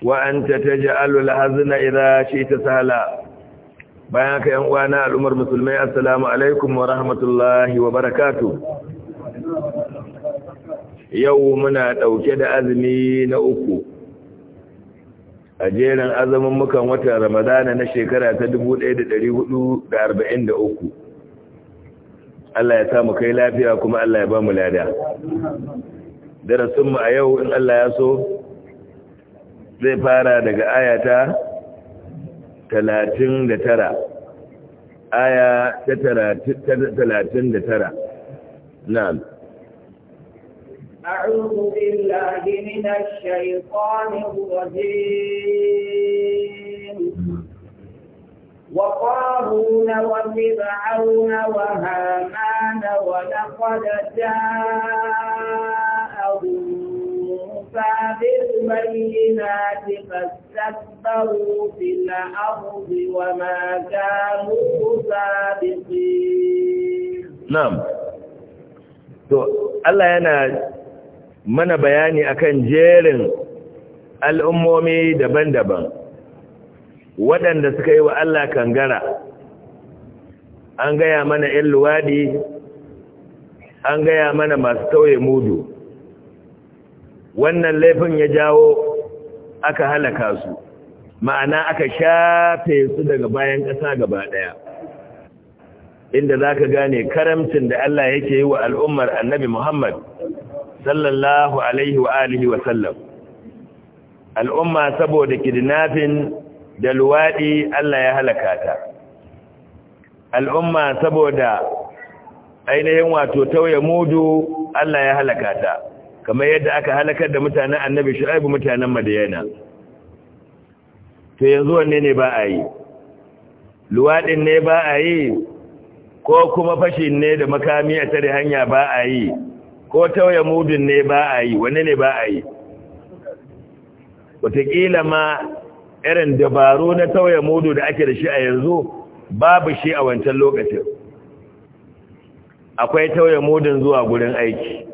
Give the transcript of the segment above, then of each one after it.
wa anta taj'alul hazna idha shi'ta sahla bayan ka yan uwana al'ummar musulmai assalamu alaikum wa rahmatullahi wa barakatu. yau muna ɗauke da azumi na uku a jerin azumin mukan watan ramadana na shekara ta 1443 Allah ya samu kai lafiya kuma Allah ya ba mu lada. Darasinmu a yau in Allah ya so, zai fara daga ayata talatin da tara aya ta talatin da tara na'am أعوذ بالله من الشيطان الرجيم وقارون وفرعون وهامان ولقد جاءهم موسى بالبينات فاستكبروا في الأرض وما كانوا سابقين نعم to Allah yana mana bayani akan jerin al'ummomi daban-daban waɗanda suka yi wa Allah kangara an gaya mana ‘yan luwaɗi an gaya mana masu tauye mudu wannan laifin ya jawo aka halaka su ma'ana aka shafe su daga bayan ƙasa gaba ɗaya inda za ka gane karamcin da Allah yake yi wa al'ummar annabi Muhammad sallallahu alaihi wa’alihi wa sallam al'umma saboda kidnafin da luwaɗi Allah ya halaka ta al'umma saboda ainihin wato tauye mudu Allah ya halaka ta kamar yadda aka halakar da mutanen annabi shu'aibu mutanen madiyana to yanzu wanne ne ba a yi luwaɗin ne ba a yi ko kuma fashin ne da makami a tare hanya ba a yi ko tauye mudun ne ba a yi wanne ne ba a yi wataƙila ma irin dabaru na tauye mudu da ake da shi a yanzu babu shi a wancan lokacin akwai tauye mudun zuwa gurin aiki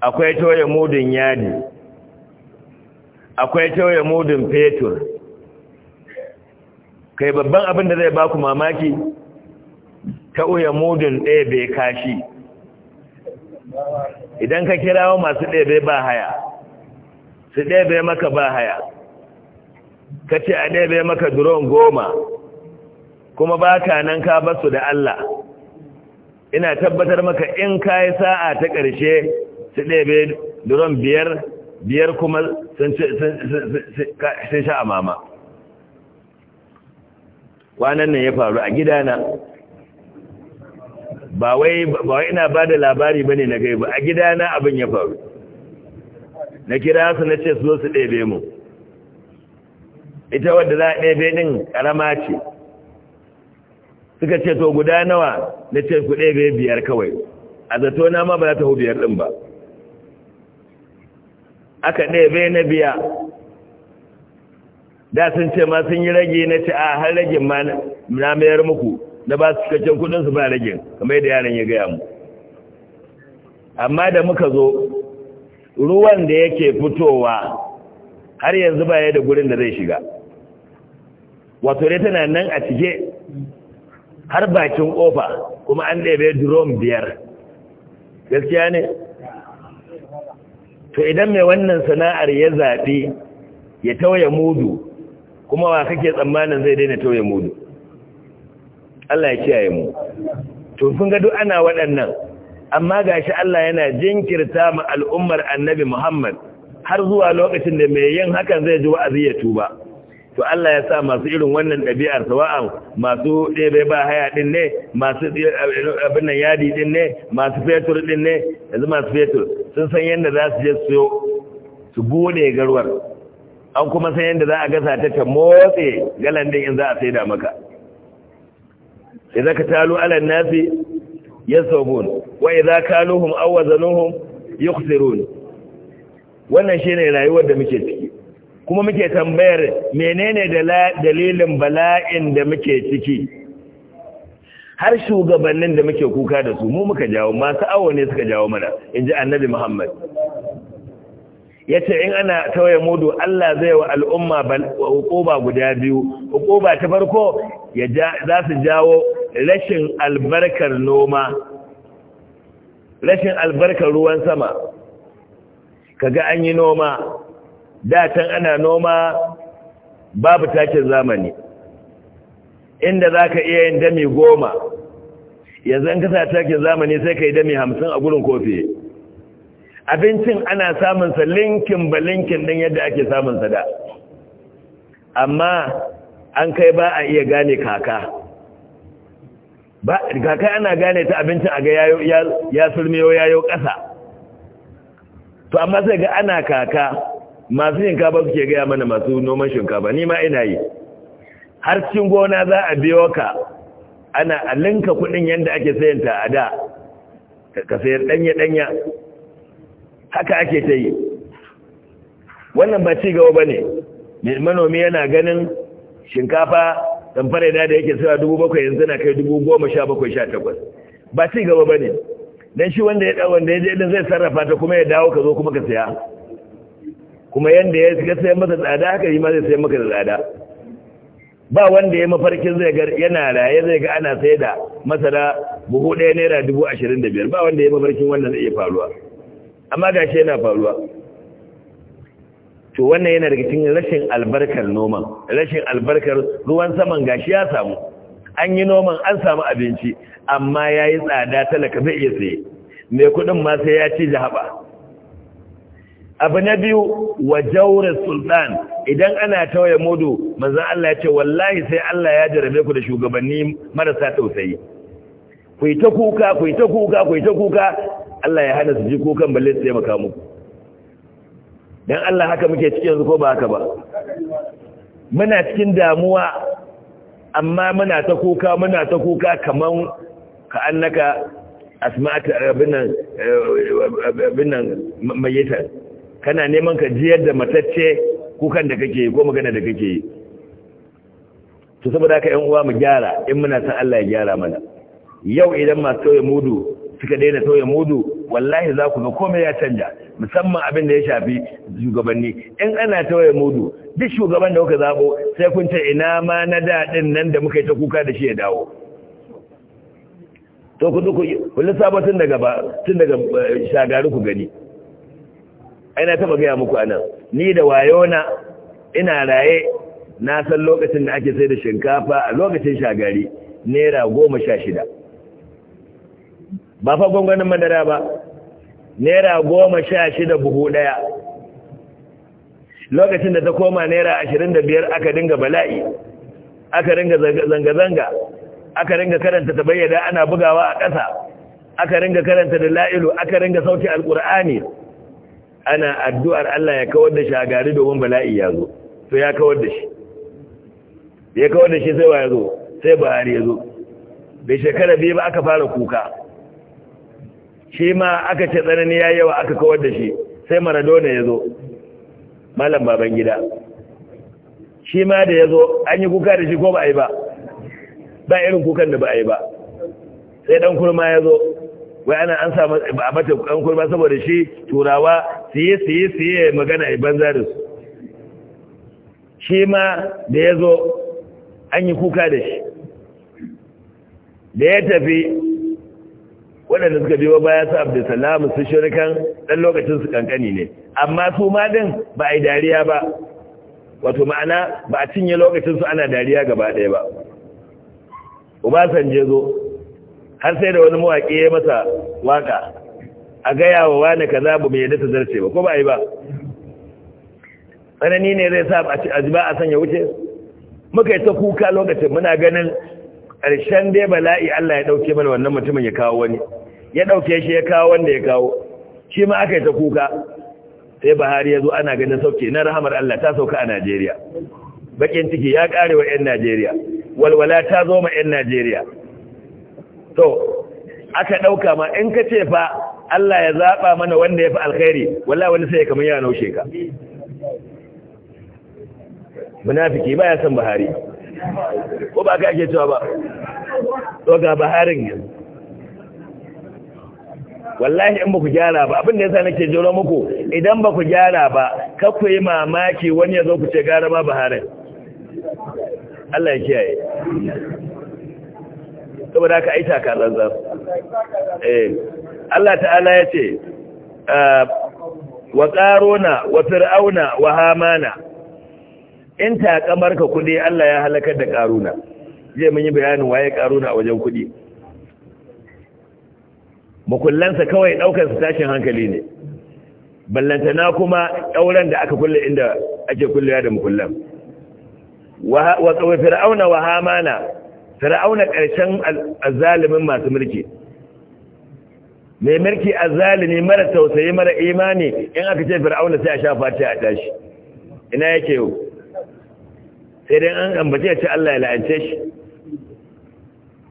akwai toye mudun yadi akwai toye mudun fetur kai babban abin da zai baku mamaki Ta uya mudun bai kashi idan ka kirawo masu ɗaya ba haya su ɗebe maka ba haya ka ce a ɗebe maka duron goma kuma ba ka nan ka basu da Allah ina tabbatar maka in ka yi sa'a ta ƙarshe su ɗebe duron biyar biyar kuma sun sha amama kwanan nan ya faru a gidana ba wai ina ba da labari ba ne na gaiba a gidana abin ya faru na kira su na ce su zo su ɗebe mu ita wadda za a ɗebe ɗin ƙarama ce suka ce to guda nawa na ce ku ɗebe biyar kawai a zato na ma ba za ta hu biyar ɗin ba aka ɗebe na biya da sun ce ma sun yi rage na ce a ah, har ragin ma na mayar muku na ba su cikakken kudinsu ba ragin kamar da yaran ya gaya mu amma da muka zo ruwan da yake fitowa har yanzu ba ya da gurin da zai shiga wato dai tana nan a cike har bakin kofa kuma an ɗebe drum biyar gaskiya ne to idan mai wannan sana'ar ya zaɓi ya tauye mudu kuma wa kake tsammanin zai daina tauye mudu Allah ya kiyaye mu to sun ga duk ana waɗannan amma gashi Allah yana jinkirta mu al'ummar Annabi Muhammad har zuwa lokacin da mai yin hakan zai ji wa'azi ya tuba to Allah ya sa masu irin wannan ɗabi'ar sawa'an masu ɗebe ba haya ɗin ne masu abin nan yadi ɗin ne masu fetur ɗin ne yanzu masu fetur sun san yadda za su je su su bude garwar an kuma san yadda za a gasa ta ta motsi galan ɗin in za a sai da maka idza talu alan nasi sabon wa idza kaluhum aw wazanuhum yukhsirun wannan shine rayuwar da muke ci kuma muke tambayar menene dalilin bala'in da muke ciki har shugabannin da muke kuka da su mu muka jawo masu awo ne suka jawo mana in ji annabi muhammad ya ce in ana tawaye mudu allah zai wa al'umma hukuba guda biyu hukuba ta farko za su jawo rashin albarkar noma rashin albarkar ruwan sama kaga an yi noma da can ana noma babu takin zamani inda za ka iya yin dami goma yanzu an kasa takin zamani sai ka yi dami hamsin a gurin kofi abincin ana samunsa linkin ba linkin ɗin yadda ake samunsa da amma an kai ba a iya gane kaka kaka ana gane ta abincin a ga ya sulmiyo yayo ƙasa to amma sai ga ana kaka masu shinkafa suke gaya mana masu noman shinkafa ni ma ina yi har cin gona za a biyo ka ana alinka kudin yadda ake sayanta a da ka sayar danya-danya haka ake ta yi wannan ba ci gaba ba ne manomi yana ganin shinkafa tamfara da yake sawa dubu bakwai yanzu na kai dubu goma sha bakwai sha takwas ba ci gaba ba ne don shi wanda ya ɗau wanda ya je ɗin zai sarrafa ta kuma ya dawo ka zo kuma ka saya kuma yanda ya sai masa tsada haka yi ma zai sai maka da tsada ba wanda ya mafarkin zai ga yana raye zai ga ana sai da masara buhu ɗaya naira dubu ashirin da biyar ba wanda ya mafarkin wannan zai iya faruwa amma ga shi yana faruwa to wannan yana daga cikin rashin albarkar noman rashin albarkar ruwan saman gashi ya samu an yi noman an samu abinci amma ya yi tsada talaka zai iya saye mai kuɗin ma sai ya ci jahaba abu na biyu wa jaure sultan idan ana tawaye mudu manzon Allah ya ce wallahi sai Allah ya jarabe ku da shugabanni marasa tausayi ku yi ta kuka ku yi ta kuka ku yi ta kuka Allah ya hana su ji kukan balle su taimaka muku dan Allah haka muke cikin yanzu ko ba haka ba muna cikin damuwa amma muna ta kuka muna ta kuka kaman ka annaka asma'a abin eh, abin kana neman ka jiyar da matacce kukan da kake yi ko magana da kake yi to saboda haka yan uwa mu gyara in muna san Allah ya gyara mana yau idan masu tauye mudu suka daina tauye mudu wallahi za ku ga komai ya canja musamman abin da ya shafi shugabanni in ana tauye mudu duk shugaban da kuka zabo sai kun ce ina ma na daɗin nan da muka yi ta kuka da shi ya dawo to ku sabatin ku ba tun daga eh, shagari ku gani aina taba gaya muku anan ni da wayo na, ina raye na san lokacin da ake sai da shinkafa a lokacin shagari naira goma sha shida ba fa gwangwanin madara ba naira goma sha shida buhu ɗaya lokacin da ta koma naira ashirin da biyar aka dinga bala'i aka ringa zanga-zanga aka ringa karanta ta bayyada ana bugawa a ƙasa aka ringa karanta da la'ilu aka ringa sauti alƙur'ani ana addu'ar Allah ya kawar da shagari domin bala'i ya zo to ya kawar da shi ya kawar da shi sai ba ya zo sai buhari ya zo bai shekara biyu ba aka fara kuka shi ma aka ce tsanani ya yawa aka kawar da shi sai maradona ya zo malam baban gida shi ma da ya zo an yi kuka da shi ko ba a yi ba ba irin kukan da ba a yi ba sai dan kurma ya zo wai ana an samu a mata an kurma saboda shi turawa siye siye siye magana a banza da su shi ma da ya zo an yi kuka da shi da ya tafi waɗanda suka biyo baya su abdulsalamu su shirkan ɗan lokacin su kankani ne amma su ma ɗin ba a yi dariya ba wato ma'ana ba a cinye lokacinsu ana dariya gaba ɗaya ba san je zo har sai da wani mawaƙi ya masa waka a gaya wa wani kaza ba mai yadda ta zarce ba ko ba a yi ba tsanani ne zai sa a ji ba a sanya wuce muka yi ta kuka lokacin muna ganin ƙarshen dai bala'i Allah ya ɗauke mana wannan mutumin ya kawo wani ya ɗauke shi ya kawo wanda ya kawo shi ma aka yi ta kuka sai Buhari ya zo ana ganin sauke na rahamar Allah ta sauka a Najeriya bakin ciki ya karewa wa 'yan Najeriya walwala ta zo ma 'yan Najeriya to aka ɗauka ma in ka ce fa Allah ya zaɓa mana wanda ya fi alkhairi wallahi wani sai kamar yana naushe ka munafiki ba ya san Buhari ko ba ka ake cewa ba to ga Buharin yanzu wallahi in ba ku gyara ba abin da yasa nake jiro muku idan ba ku gyara ba ka ku yi mamaki wani ya zo ku ce gara ba Buharin Allah ya kiyaye saboda ka aita ka zanzan eh Allah ta'ala ya ce ah, wa ƙarona wa fir'auna wa hamana in taƙamar ka kuɗi Allah ya halakar da ƙaruna zai mun yi bayanin waye ƙaruna a wajen kuɗi makullansa kawai ɗaukar su tashin hankali ne ballantana kuma ɗauran da aka kulle inda ake kullewa da makullan wa fir'auna wa hamana fir'auna ƙarshen azalimin masu mulki mai mulki azalimi mara tausayi mara imani in aka ce fir'auna sai a sha fati a tashi ina yake yau sai dai an ambace ce Allah ya la'ance shi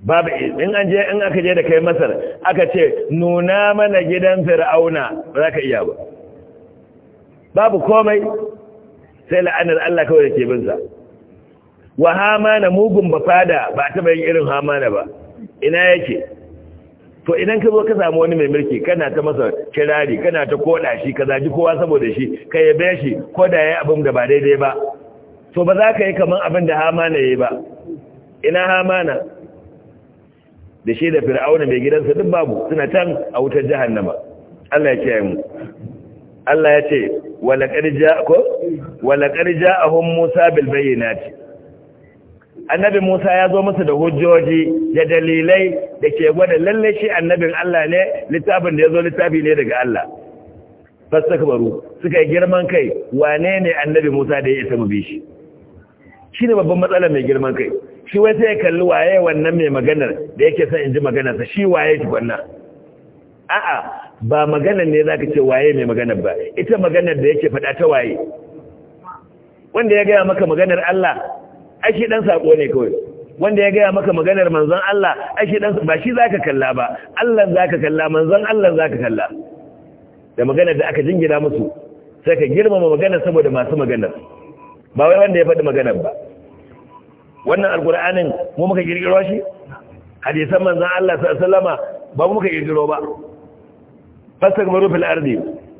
babu in an je in aka je da kai masar aka ce nuna mana gidan fir'auna ba za ka iya ba babu komai sai la'anar Allah kawai da ke binsa wa hamana mugun ba fada ba taɓa yin irin hamana ba ina yake to idan ka zo ka samu wani mai mulki kana ta masa kirari kana ta koda shi ka zaji kowa saboda shi ka yabe shi ko da yayi abin da ba daidai ba to ba za ka yi kaman abin da hamana yayi ba ina hamana da shi da fir'auna mai gidansa duk babu suna tan a wutar jahannama Allah ya kiyaye mu Allah ya ce laqad ja'akum laqad ja'ahum Musa bil bayyinati annabi Musa ya zo masa da hujjoji da dalilai da ke gwada lalle shi annabin Allah ne littafin da ya zo littafi ne daga Allah fastakbaru suka yi girman kai wane ne annabi Musa da ya isa mu bi shi shine babban matsala mai girman kai shi wai sai ya kalli waye wannan mai maganar da yake son in ji maganarsa shi waye shi wannan. a'a ba maganar ne zaka ce waye mai maganar ba ita maganar da yake faɗa ta waye wanda ya gaya maka maganar Allah ashi dan sako ne kawai wanda ya gaya maka maganar manzon Allah ashi dan ba shi zaka kalla ba Allah zaka kalla manzon Allah zaka kalla da maganar da aka jingina musu sai ka girmama maganar saboda masu maganar ba wai wanda ya faɗi maganar ba wannan alkur'anin mu muka kirkiro shi hadisan manzon Allah sallallahu alaihi wasallama ba mu muka kirkiro ba fasakmaru fil ardi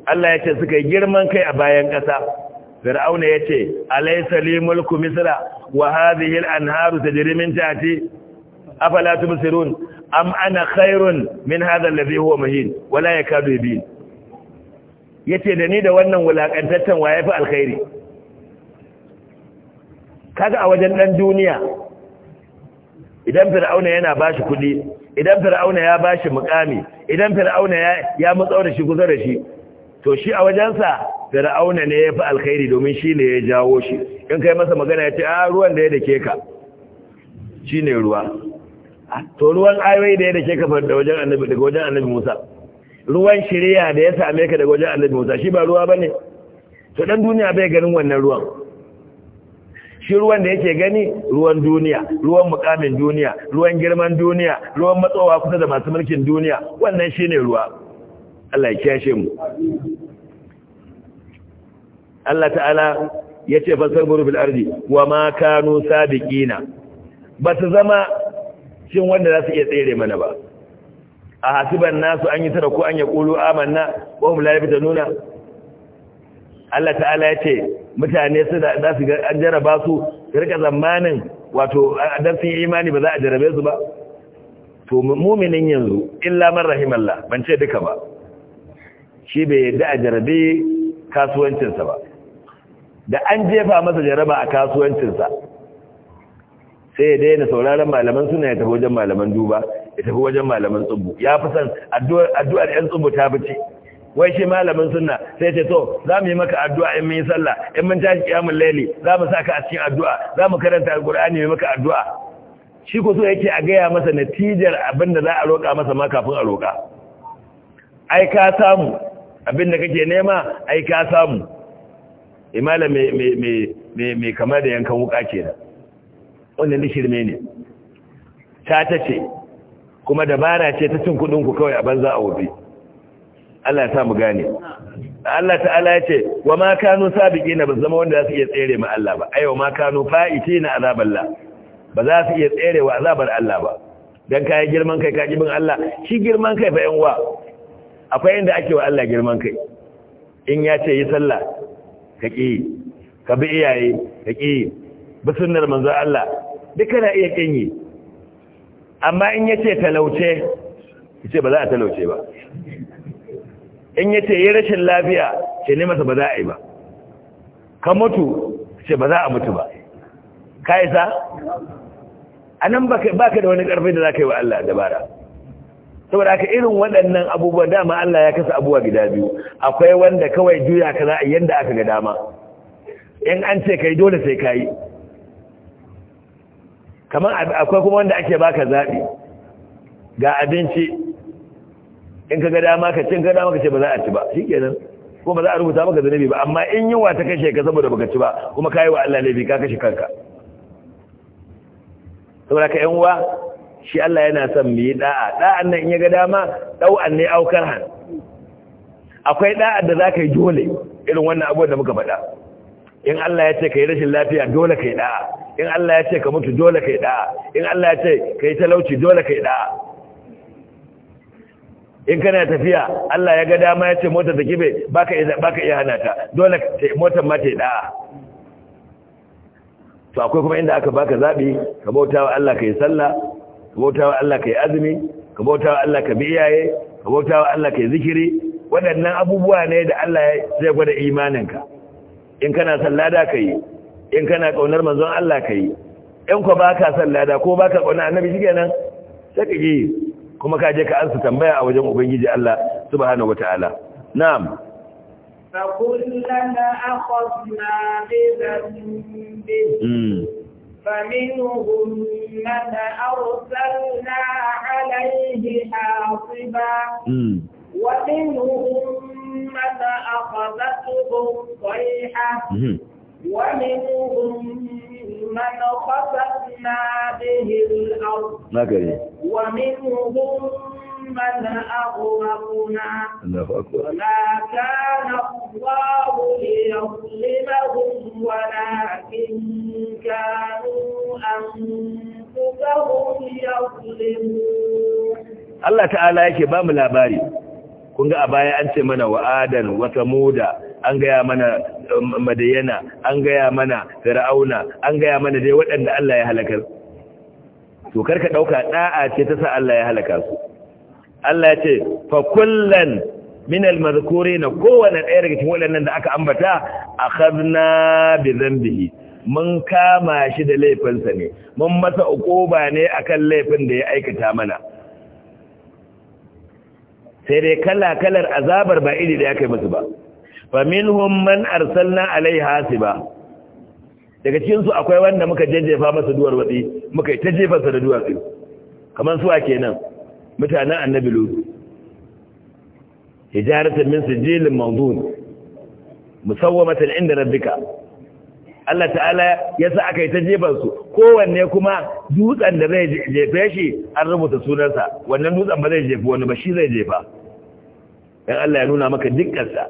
Allah ya ce suka yi girman kai a bayan ƙasa fir'auna yace alaysa li mulku misra wa hadhihi al-anharu ta min tahti afala Musirun am ana khairun min hadha alladhi huwa mahin wala yakadu yubin yace da ni da wannan wulakantattan ya fi alkhairi kaga a wajen dan duniya idan fir'auna yana bashi kudi idan fir'auna ya bashi mukami idan fir'auna ya ya shi kusa da shi to shi a wajensa fir'auna ne ya fi alkhairi domin shi ne ya jawo shi in kai masa magana ya ce a ah, ruwan da ya dake ka shi ne ruwa ah, to ruwan ayoyi da ya dake ka daga wajen annabi daga wajen annabi musa ruwan shirya da ya same ka daga wajen annabi musa shi ba ruwa ba ne to dan duniya bai ganin wannan ruwan shi ruwan da yake gani ruwan duniya ruwan mukamin duniya ruwan girman duniya ruwan matsowa kusa da masu mulkin duniya wannan shine ruwa Allah ya kiyashe mu Allah ta'ala ya ce fasarburu fil ardi wa ma kanu na. ba su zama cin wanda za su iya tsere mana ba a hasiban nasu an yi tara ko an ya ƙulu amanna wa hum la nuna. Allah ta'ala ya ce mutane su za su an jaraba su su rika zamanin wato dan sun yi imani ba za a jarabe su ba to mu'minin yanzu illa man rahimallah ban ce duka ba shi bai yadda a jarabe kasuwancinsa ba da an jefa masa jaraba a kasuwancinsa sai ya daina sauraron malaman suna ya tafi wajen malaman duba ya tafi wajen malaman tsubu ya fi san addu'ar 'yan tsubu ta fi ce wai shi malamin suna sai ce to za mu yi maka addu'a in mun yi sallah in mun tashi kiyamun laili za mu sa ka a cikin addu'a za mu karanta alƙur'ani mu maka addu'a shi ko so yake a gaya masa natijar abin da za a roƙa masa ma kafin a roƙa ai ka samu abin da kake nema ai ka samu imala eh, mai kamar da yankan wuka ke da wannan da shirme ne ta ta ce kuma dabara ce ta cin kudinku kawai a banza a wofi Allah ta mu gane Allah ta'ala ya ce wa ma kanu sabiqina ba zama wanda za su iya tsere ma Allah ba ayo ma kanu fa'itina azaballah ba za su iya tsere wa azabar Allah ba dan kai girman kai ka jibin Allah shi girman kai fa yan uwa akwai inda ake wa Allah girman kai in ya ce yi sallah ka ƙi ka bi iyaye ka ƙi bi sunnar manzo Allah duk kana iya kinyi amma in ya ce talauce ki ce ba za a talauce ba in ya ce yi rashin lafiya ce ne masa ba za a yi ba ka mutu ce ba za a mutu ba ka isa a nan ba ka da wani ƙarfi da za ka yi wa Allah dabara saboda aka irin waɗannan abubuwa dama Allah ya kasa abubuwa gida biyu akwai wanda kawai juya ka za a yanda aka ga dama in an ce kai dole sai kayi kamar akwai kuma wanda ake baka zaɓi ga abinci in ka ga dama ka cin ka dama ka ce ba za a ci ba shikenan ko ba za a rubuta maka zanabi ba amma in yi ta kashe ka saboda baka ci ba kuma kayi wa Allah laifi ka kashe kanka saboda ka yan uwa shi Allah yana son mu yi da'a da'an nan in ya ga dama dau'an ne aukar han akwai da'a da za ka yi dole irin wannan abuwan da muka faɗa in Allah ya ce ka yi rashin lafiya dole ka yi da'a in Allah ya ce ka mutu dole ka yi da'a in Allah ya ce ka yi talauci dole ka yi da'a in kana tafiya Allah ya ga dama ya ce mota ta kibe baka baka iya hana ta dole motar ma ta yi da'a to akwai kuma inda aka baka zabi ka bautawa Allah ka yi sallah ka bauta wa Allah ka yi azumi ka bauta wa Allah ka bi iyaye ka bauta wa Allah ka yi zikiri waɗannan abubuwa ne da Allah zai gwada imaninka in kana sallada ka yi in kana ƙaunar manzon Allah ka yi in ku ba ka sallada ko ba ka ƙaunar annabi shi kenan sai ka yi kuma ka je ka ansa tambaya a wajen ubangiji Allah subhanahu wataala na'am فكلنا أخذنا بذنبه فمنهم من أرسلنا عليه حاصبا ومنهم من أخذته الصيحة ومنهم من خسفنا به الأرض ومنهم ثم لأغرقنا وما Allah ta'ala yake ba mu labari kun ga a baya an ce mana wa'adan wata muda an gaya mana madayana an gaya mana fir'auna an gaya mana dai waɗanda Allah ya halakar to karka ɗauka ɗa'a ce ta sa Allah ya halaka su Allah ya ce fa kullan min al na kowane ɗaya daga cikin waɗannan da aka ambata akhadna bi dhanbihi mun kama shi da laifinsa ne mun masa ukuba ne akan laifin da ya aikata mana sai dai kala kalar azabar ba iri da ya kai musu ba fa minhum man arsalna alaiha hasiba daga cikinsu akwai wanda muka jajjefa masa duwar watsi muka ta jefa sa da duwatsu kamar su a kenan mutanen annabi lutu hijarata min sijilin mawdun musawwamatan inda rabbika Allah ta'ala ya sa aka yi ta jefansu kowanne kuma dutsen da zai jefe shi an rubuta sunansa wannan dutsen ba zai jefi wani ba shi zai jefa ɗan Allah ya nuna maka dukkansa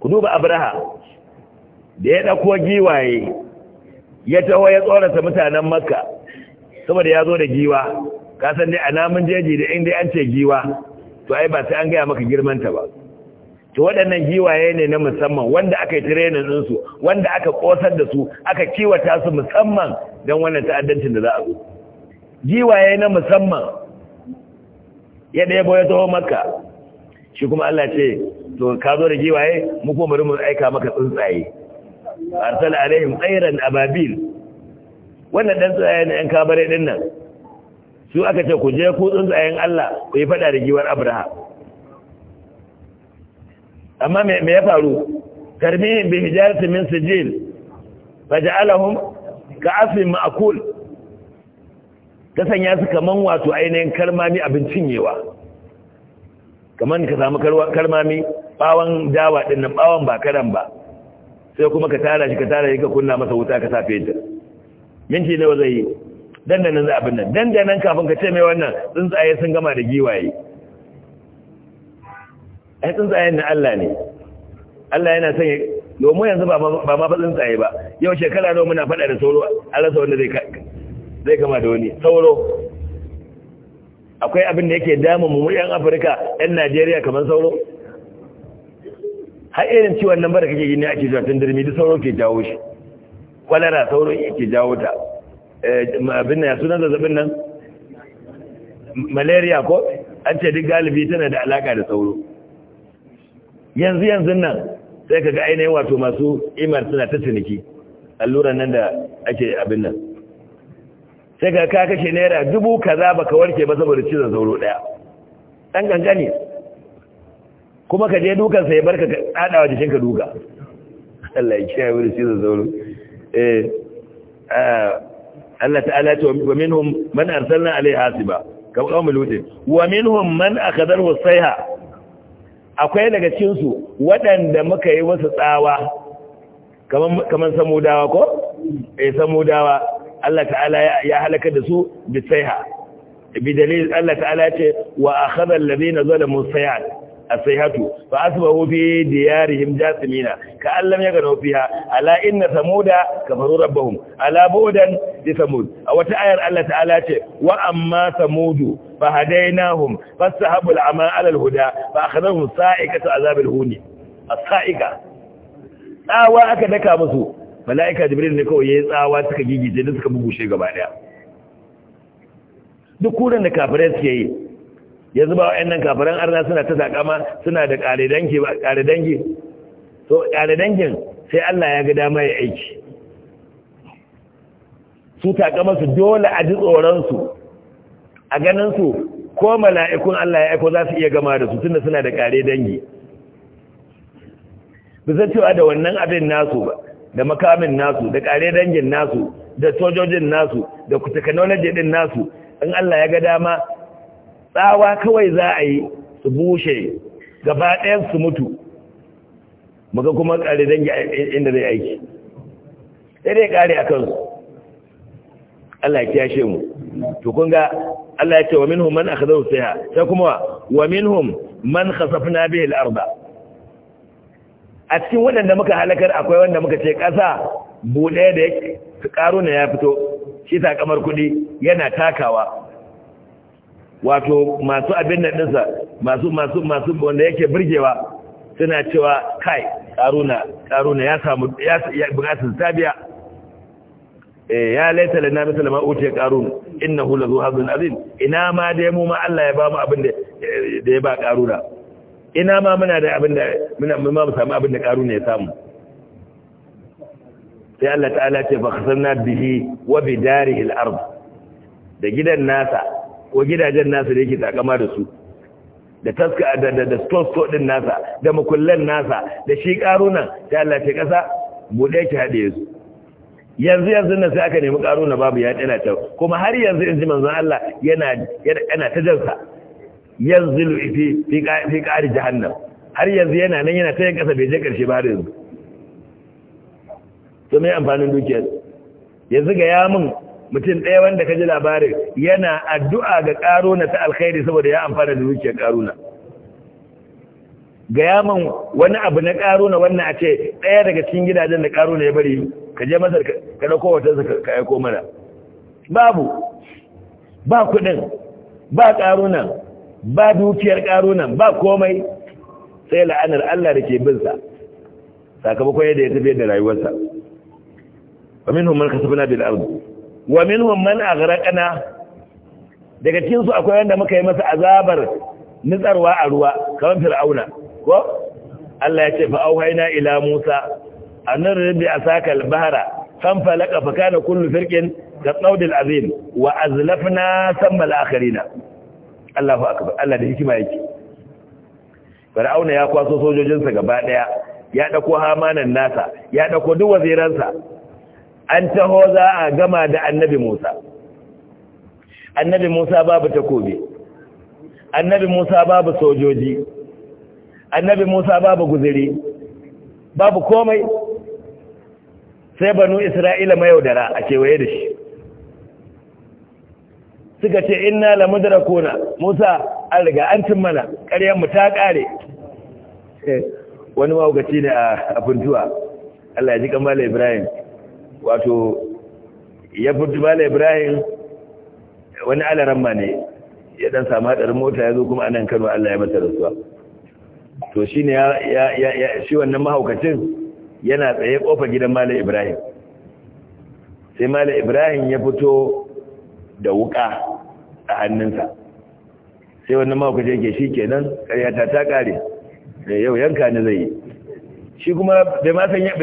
ku duba abraha da ya ɗauko giwaye ya taho ya tsorata mutanen makka saboda ya zo da giwa ka san dai a namun jeji da inda an ce giwa to ai ba sai an gaya maka girmanta ba to waɗannan giwaye ne na musamman wanda aka yi tirenin ɗinsu wanda aka ƙosar da su aka kiwata su musamman don wannan ta'addancin da za a zo giwaye na musamman ya ɗebo ya zo maka shi kuma Allah ce to ka zo da giwaye mu kuma bari mu aika maka tsuntsaye arsala alaihim tsairan ababil wannan dan tsayayen yan kabare din nan su aka ce ku je ku tsuntsayen Allah ku yi fada da giwar Abraha amma me ya faru karmihim bi hijarati min sijil faj'alahum ka'asin ma'kul ta sanya su kaman wato ainihin kalmami abin cinyewa kaman ka samu kalmami bawan dawa din nan bawan ba karan ba sai kuma ka tara shi ka tara shi ka kunna masa wuta ka sa shi minti nawa zai yi dandanan za abin nan dandanan kafin ka ce mai wannan tsuntsaye sun gama da giwaye ai tsuntsayen na Allah ne Allah yana son Domin yanzu ba ma fa tsuntsaye ba yau shekara nawa muna faɗa da sauro an rasa wanda zai kama da wani sauro akwai abin da yake damu mu yan Afirka yan Najeriya kamar sauro har irin ciwon nan ba da kake gini ake zuwa tun dirmi duk sauro ke jawo shi kwalara sauran yake jawo ta eh, abin ya sunan zazzabin nan malaria ko an ce duk galibi tana da alaka da sauro yanzu yanzu nan sai ka ga ainihin wato masu imar suna ta ciniki alluran nan da ake abin nan sai ka ka kashe naira dubu kaza baka warke ba saboda cizon sauro daya dan gangane kuma ka je dukan ya barka ka tsada wa jikinka duka Allah ya kiyaye wurin cizon sauro Eh, eh, Allah ta'ala ce wa minhum man arsalna alai hasiba ka kawo lutin wa minhum man akadarhu sayha akwai daga cikin su waɗanda muka yi wasu tsawa kaman kaman samudawa ko eh samudawa Allah ta'ala ya halaka da su bi sayha bi dalil Allah ta'ala ce wa akhadha alladhina zalamu sayha asihatu fa asbahu fi diyarihim jasimina ka allam yaghnu fiha ala inna samuda kafaru rabbahum ala budan li samud a wata ayar Allah ta'ala ce wa amma samudu fa hadainahum fastahabul ama ala alhuda fa akhadhahum sa'ikatu azabil huni as-sa'ika tsawa aka daka musu mala'ika jibril ne kawai yayi tsawa suka gigije duk suka bugushe gaba daya duk kuran da kafirai suke yi yanzu ba nan kafaran arna suna ta takama suna da ƙare dangi so ƙare dangin sai Allah ya ga dama ya aiki su takama su dole a ji tsoron a ganinsu ko mala'ikun Allah ya aiko za su iya gama da su tunda suna da ƙare dangi bisa cewa da wannan abin nasu ba da makamin nasu da ƙare dangin nasu da sojojin nasu da technology din nasu in Allah ya ga dama tsawa kawai za a yi su bushe gaba ɗayan su mutu muka kuma ƙare yi inda zai aiki sai dai ƙare a kansu Allah ya kiyashe mu to kun ga Allah ya ce wa minhum man akhadahu sayha sai kuma wa minhum man khasafna bihi al arba. a cikin waɗanda muka halakar akwai wanda muka ce ƙasa buɗe da ƙaro na ya fito shi takamar kuɗi yana takawa wato masu abin nan masu masu masu wanda yake birgewa suna cewa kai ƙaruna ƙaruna ya samu ya buƙatar tabiya eh, ya laita lana misal ma uce qarun innahu lahu hazun azim ina ma da mu ma Allah ya ba mu abin da ya ba karuna ina ma muna da abin da muna ma mu samu abin da karuna ya samu sai Allah ta'ala ce fa khasarna bihi wa bidarihi al-ard da gidan nasa ko gidajen nasa da yake takama da su da taska da da da store din nasa da makullan nasa da shi karuna ta Allah ta kasa da yake hade su yanzu yanzu nan sai aka nemi karuna babu ya tsina ta kuma har yanzu in ji manzon Allah yana yana ta jansa yanzilu fi fi fi qari jahannam har yanzu yana nan yana ta yin kasa bai je karshe ba har yanzu to me amfanin dukiyar yanzu ga ya mun mutum ɗaya wanda ka ji labarin yana addu'a ga ƙaruna ta alkhairi saboda ya amfana da zuciyar ƙaruna ga yaman wani abu na ƙaruna wannan a ce ɗaya daga cikin gidajen da ƙaruna ya bari ka je masar ka ɗauko watansa ka aiko mana babu ba kuɗin ba ƙarunan ba dukiyar ƙarunan ba komai sai la'anar Allah da ke binsa sakamakon yadda ya tafiyar da rayuwarsa ومنهم من bil بالأرض wa a man aghraqna daga cikin su akwai wanda muka yi masa azabar nitsarwa a ruwa kamar fir'auna ko Allah ya ce fa auhaina ila Musa annar rabbi asaka al-bahra fan falaka fa kana kullu firqin ka al azim wa azlafna thumma al-akharina Allahu akbar Allah da hikima yake Fir'auna ya kwaso sojojinsa gaba daya ya dauko hamanan nasa ya dauko duk waziransa an taho za a gama da annabi Musa annabi Musa babu takobi annabi Musa babu sojoji annabi Musa babu guziri babu komai sai banu Isra'ila yaudara a kewaye da shi suka ce inna la mudrakuna Musa an riga an mana, ƙaryar mu ta ƙare wani mawugaci ne a funtuwa Allah ya ji kamar Ibrahim wato ya fi jimala ibrahim wani alaramma ne ya dan samu hadarin mota ya zo kuma anan kano allah ya mata rasuwa to shi ne shi wannan mahaukacin yana tsaye kofa gidan malam ibrahim sai malam ibrahim ya fito da wuka a hannunsa sai wannan mahaukacin ke shi ke nan. karyata ta kare eh, yau yanka ni zai yi shi kuma bai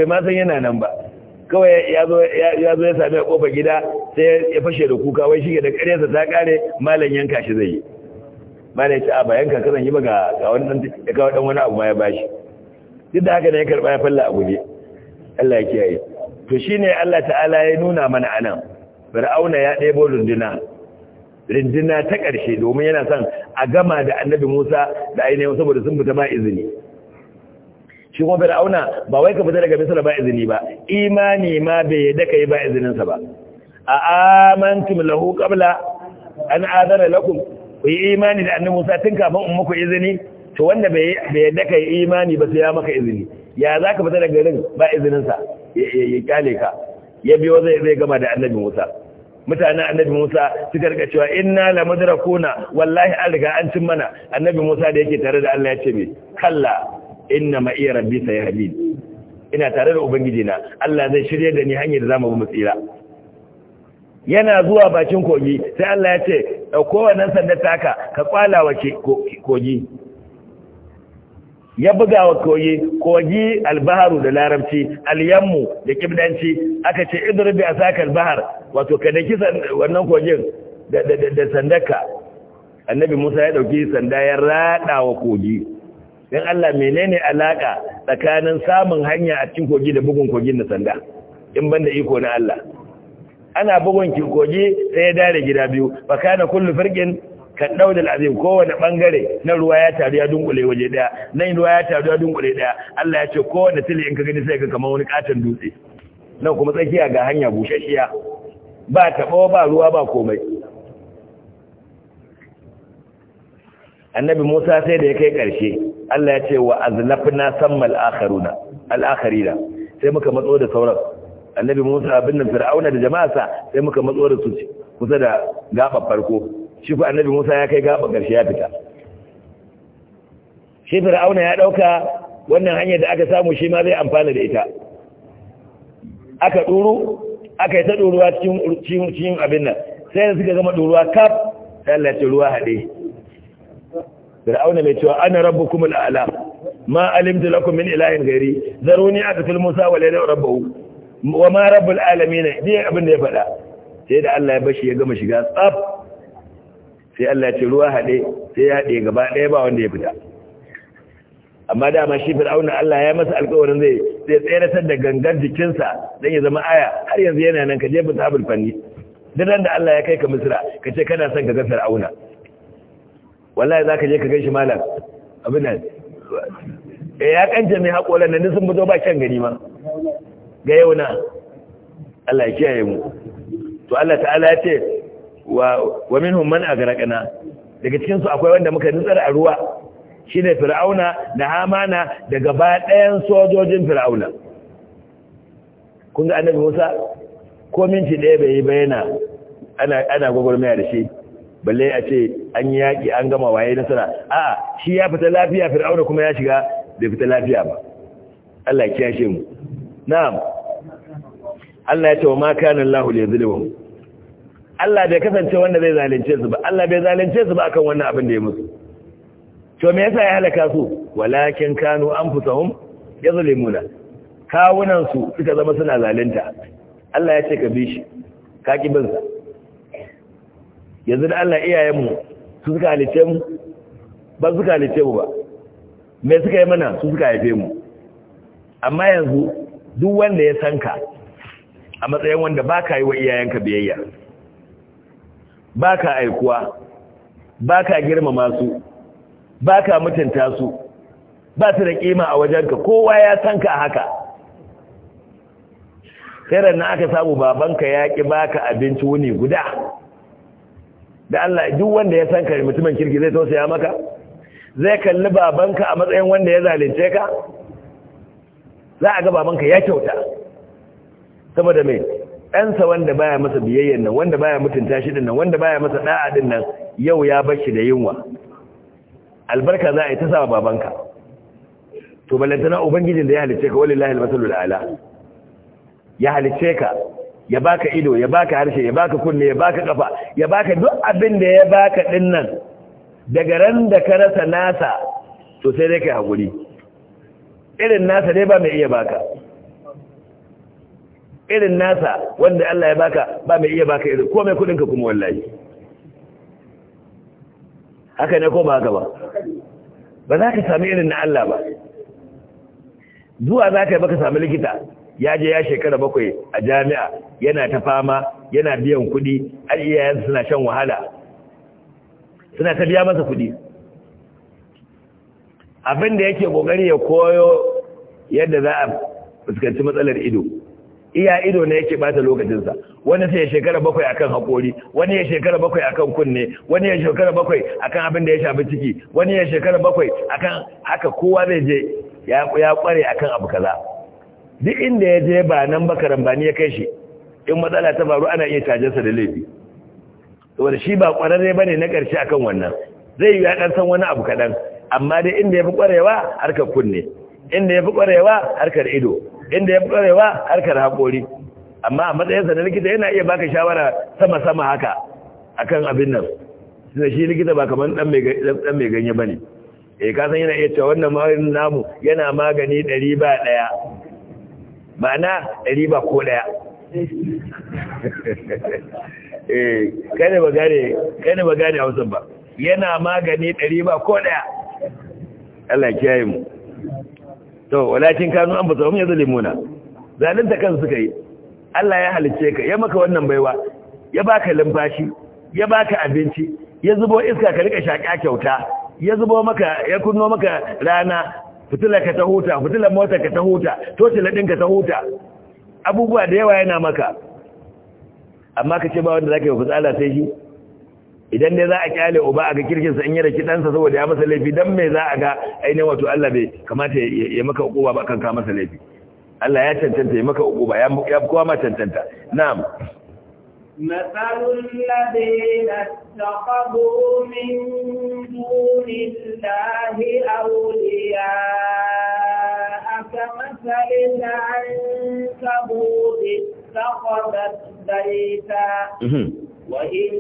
ma san yana nan ba kawai ya zo ya sami a kofar gida sai ya fashe da kuka wai shi da karyarsa ta kare malam yanka shi zai yi malam ci a bayan kan kasan yi ba ga wani dan wani abu ma ya bashi duk da haka ne ya karɓa ya falla a ne Allah ya kiyaye to shi ne Allah ta'ala ya nuna mana anan fir'auna ya ɗebo runduna runduna ta ƙarshe domin yana son a gama da annabi Musa da ainihin saboda sun fita ma izini shi kuma fir'auna ba wai ka fita daga misra ba izini ba imani ma bai yadda ka yi ba izinin ba a amantum lahu qabla an adana lakum ku yi imani da annabi Musa tun kafin in muku izini to wanda bai yadda ka yi imani ba sai ya maka izini ya za ka fita daga garin ba izininsa? sa ya kale ka ya biyo zai zai gama da annabi Musa mutanen annabi Musa su rika cewa inna la mudrakuna wallahi an riga an cin mana annabi Musa da yake tare da Allah ya ce me kalla inna ma iya rabbi sai sayahdin ina tare da ubangiji na Allah zai shirye da ni hanyar da zamu mutsira yana zuwa bakin kogi sai Allah ya ce dauko wannan sanda taka ka kwala wa kogi ya buga wa kogi kogi albaharu da larabci alyammu da kibdanci aka ce idrubi asaka albahar wato ka daki wannan kogin da da sandaka annabi Musa ya dauki sanda ya rada wa kogi don Allah menene alaka tsakanin samun hanya a cikin kogi da bugun kogin na sanda in banda iko na Allah ana bugun kogi sai ya dare gida biyu bakana kullu farqin kan daudal azim kowane bangare na ruwa ya taru ya dunkule waje daya nan ruwa ya taru ya dunkule daya Allah ya ce kowane tili in ka gani sai ka kama wani katon dutse nan kuma tsakiya ga hanya bushashiya ba tabo ba ruwa ba komai annabi Musa sai da ya kai ƙarshe Allah ya ce wa azlafna samal akharuna al-akharina sai muka matso da sauran annabi Musa abin Fir'auna da jama'arsa sai muka matso da su kusa da gaba farko shi ku annabi Musa ya kai gaba ƙarshe ya fita shi Fir'auna ya dauka wannan hanyar da aka samu shi ma zai amfana da ita aka duru aka yi ta duruwa cikin cikin abin nan sai da suka gama duruwa kaf sai Allah ya ce ruwa hade fir'auna mai cewa ana kuma la'ala, ma alimtu lakum min ilahin gari, zaruni musa wa la rabu, wa ma rabbul alamin ne abin da ya faɗa sai da Allah ya bashi ya gama shiga tsaf sai Allah ya ce ruwa haɗe sai ya haɗe gaba ɗaya ba wanda ya fita amma dama shi fir'auna Allah ya masa alƙawarin zai zai tsayar da gangan jikinsa don ya zama aya har yanzu yana nan ka je mu sabul fanni Dinan da Allah ya kai ka Misra ka ce kana son ka ga fir'auna wallahi za ka je ka gaishe malam abin nan eh, ya kanta mai haƙolan nan sun fito ba kyan gani ma ga yau na Allah ya kiyaye mu to Allah ta'ala ya ce wa minhum man agraqna daga cikin su akwai wanda muka nutsar a ruwa shine fir'auna da hamana da gaba ɗayan sojojin fir'auna kun ga annabi Musa ko minti ɗaya bai yi bayana ana ana gwagwarmaya da shi balle a ce an yaƙi an gama waye nasara a'a shi ya fita lafiya fir'auna kuma ya shiga bai fita lafiya ba Allah ya kiyashe mu na'am Allah ya ce wa ma kana Allahu liyazlimuhum Allah bai kasance wanda zai zalunce su ba Allah bai zalunce su ba akan wannan abin da ya musu to me yasa ya halaka su walakin kanu anfusuhum yazlimuna kawunan su suka zama suna zalunta Allah ya ce ka bi shi ka ki bin sa yanzu da Allah iyayenmu su suka halice mu ba suka halice mu ba me suka yi mana su suka haife mu amma yanzu duk wanda ya sanka a matsayin wanda ba ka yi wa iyayenka biyayya ba ka aikuwa ba ka girmama su ba ka mutunta su ba su da kima a wajenka kowa ya sanka haka sai na aka samu babanka ya ƙi baka abinci wuni guda da Allah duk wanda ya san ka mutumin kirki zai tausaya maka zai kalli babanka a matsayin wanda ya zalunce ka za a ga babanka ya kyauta saboda mai ɗansa wanda baya masa biyayyen nan wanda baya mutunta shi dinnan wanda baya masa da'a dinnan yau ya bar shi da yunwa albarka za a yi ta sa babanka to balantana ubangijin da ya halicce ka wallahi almasalul ala ya halicce ka ya baka ido ya baka harshe ya baka kunne ya baka kafa ya baka duk abin da ya baka nan daga ran da ka rasa nasa to sai dai kai hakuri irin nasa dai ba mai iya baka irin nasa wanda Allah ya baka ba mai iya baka irin ko mai kudin ka kuma wallahi haka ne ko ba haka ba ba za ka sami irin na Allah ba zuwa za ka yi baka sami likita ya je ya shekara bakwai a jami'a yana ta fama yana biyan kuɗi har iyayensa suna shan wahala suna ta biya masa kuɗi abin da yake ƙoƙari ya koyo yadda za a fuskanci matsalar ido iya ido ne yake bata lokacinsa wani sai ya shekara bakwai akan haƙori wani ya shekara bakwai akan kunne wani ya shekara bakwai akan abin da ya shafi ciki wani ya shekara bakwai akan haka kowa zai je ya kware akan abu kaza duk inda ya je ba nan ba karambani ya kai shi in matsala ta faru ana iya sa da laifi saboda shi ba kwararre bane na karshe akan wannan zai yi ya san wani abu kadan amma dai inda yafi kwarewa harkar kunne inda yafi kwarewa harkar ido inda yafi kwarewa harkar hakori amma a sa na likita yana iya baka shawara sama sama haka akan abin nan sai shi likita ba kaman dan mai dan mai ganye bane eh ka san yana iya cewa wannan maganin namu yana magani 100 ba daya ma'ana riba ko daya eh kane ba gane kane ba gane hausa ba yana magani ba ko daya Allah ya kiyaye mu to walakin kanu an basahum yazlimuna zalunta kan suka yi Allah ya halice ka ya maka wannan baiwa ya baka limfashi ya baka abinci ya zubo iska ka rika shaƙa kyauta ya zubo maka ya kunno maka rana fitila ka ta huta fitila mota ka ta huta totila ka ta huta abubuwa da yawa yana maka amma ka ce ba wanda za ka yi fitsala sai shi idan dai za a kyale uba a ga kirkinsa in yada kiɗansa saboda ya masa laifi don me za a ga ainihin wato Allah bai kamata ya maka hukuma ba kan ka masa laifi Allah ya cancanta ya maka hukuma ya kowa ma cancanta na'am مثل الذين اتخذوا من دون الله أولياء كمثل العنكبوت اتخذت بيتا وإن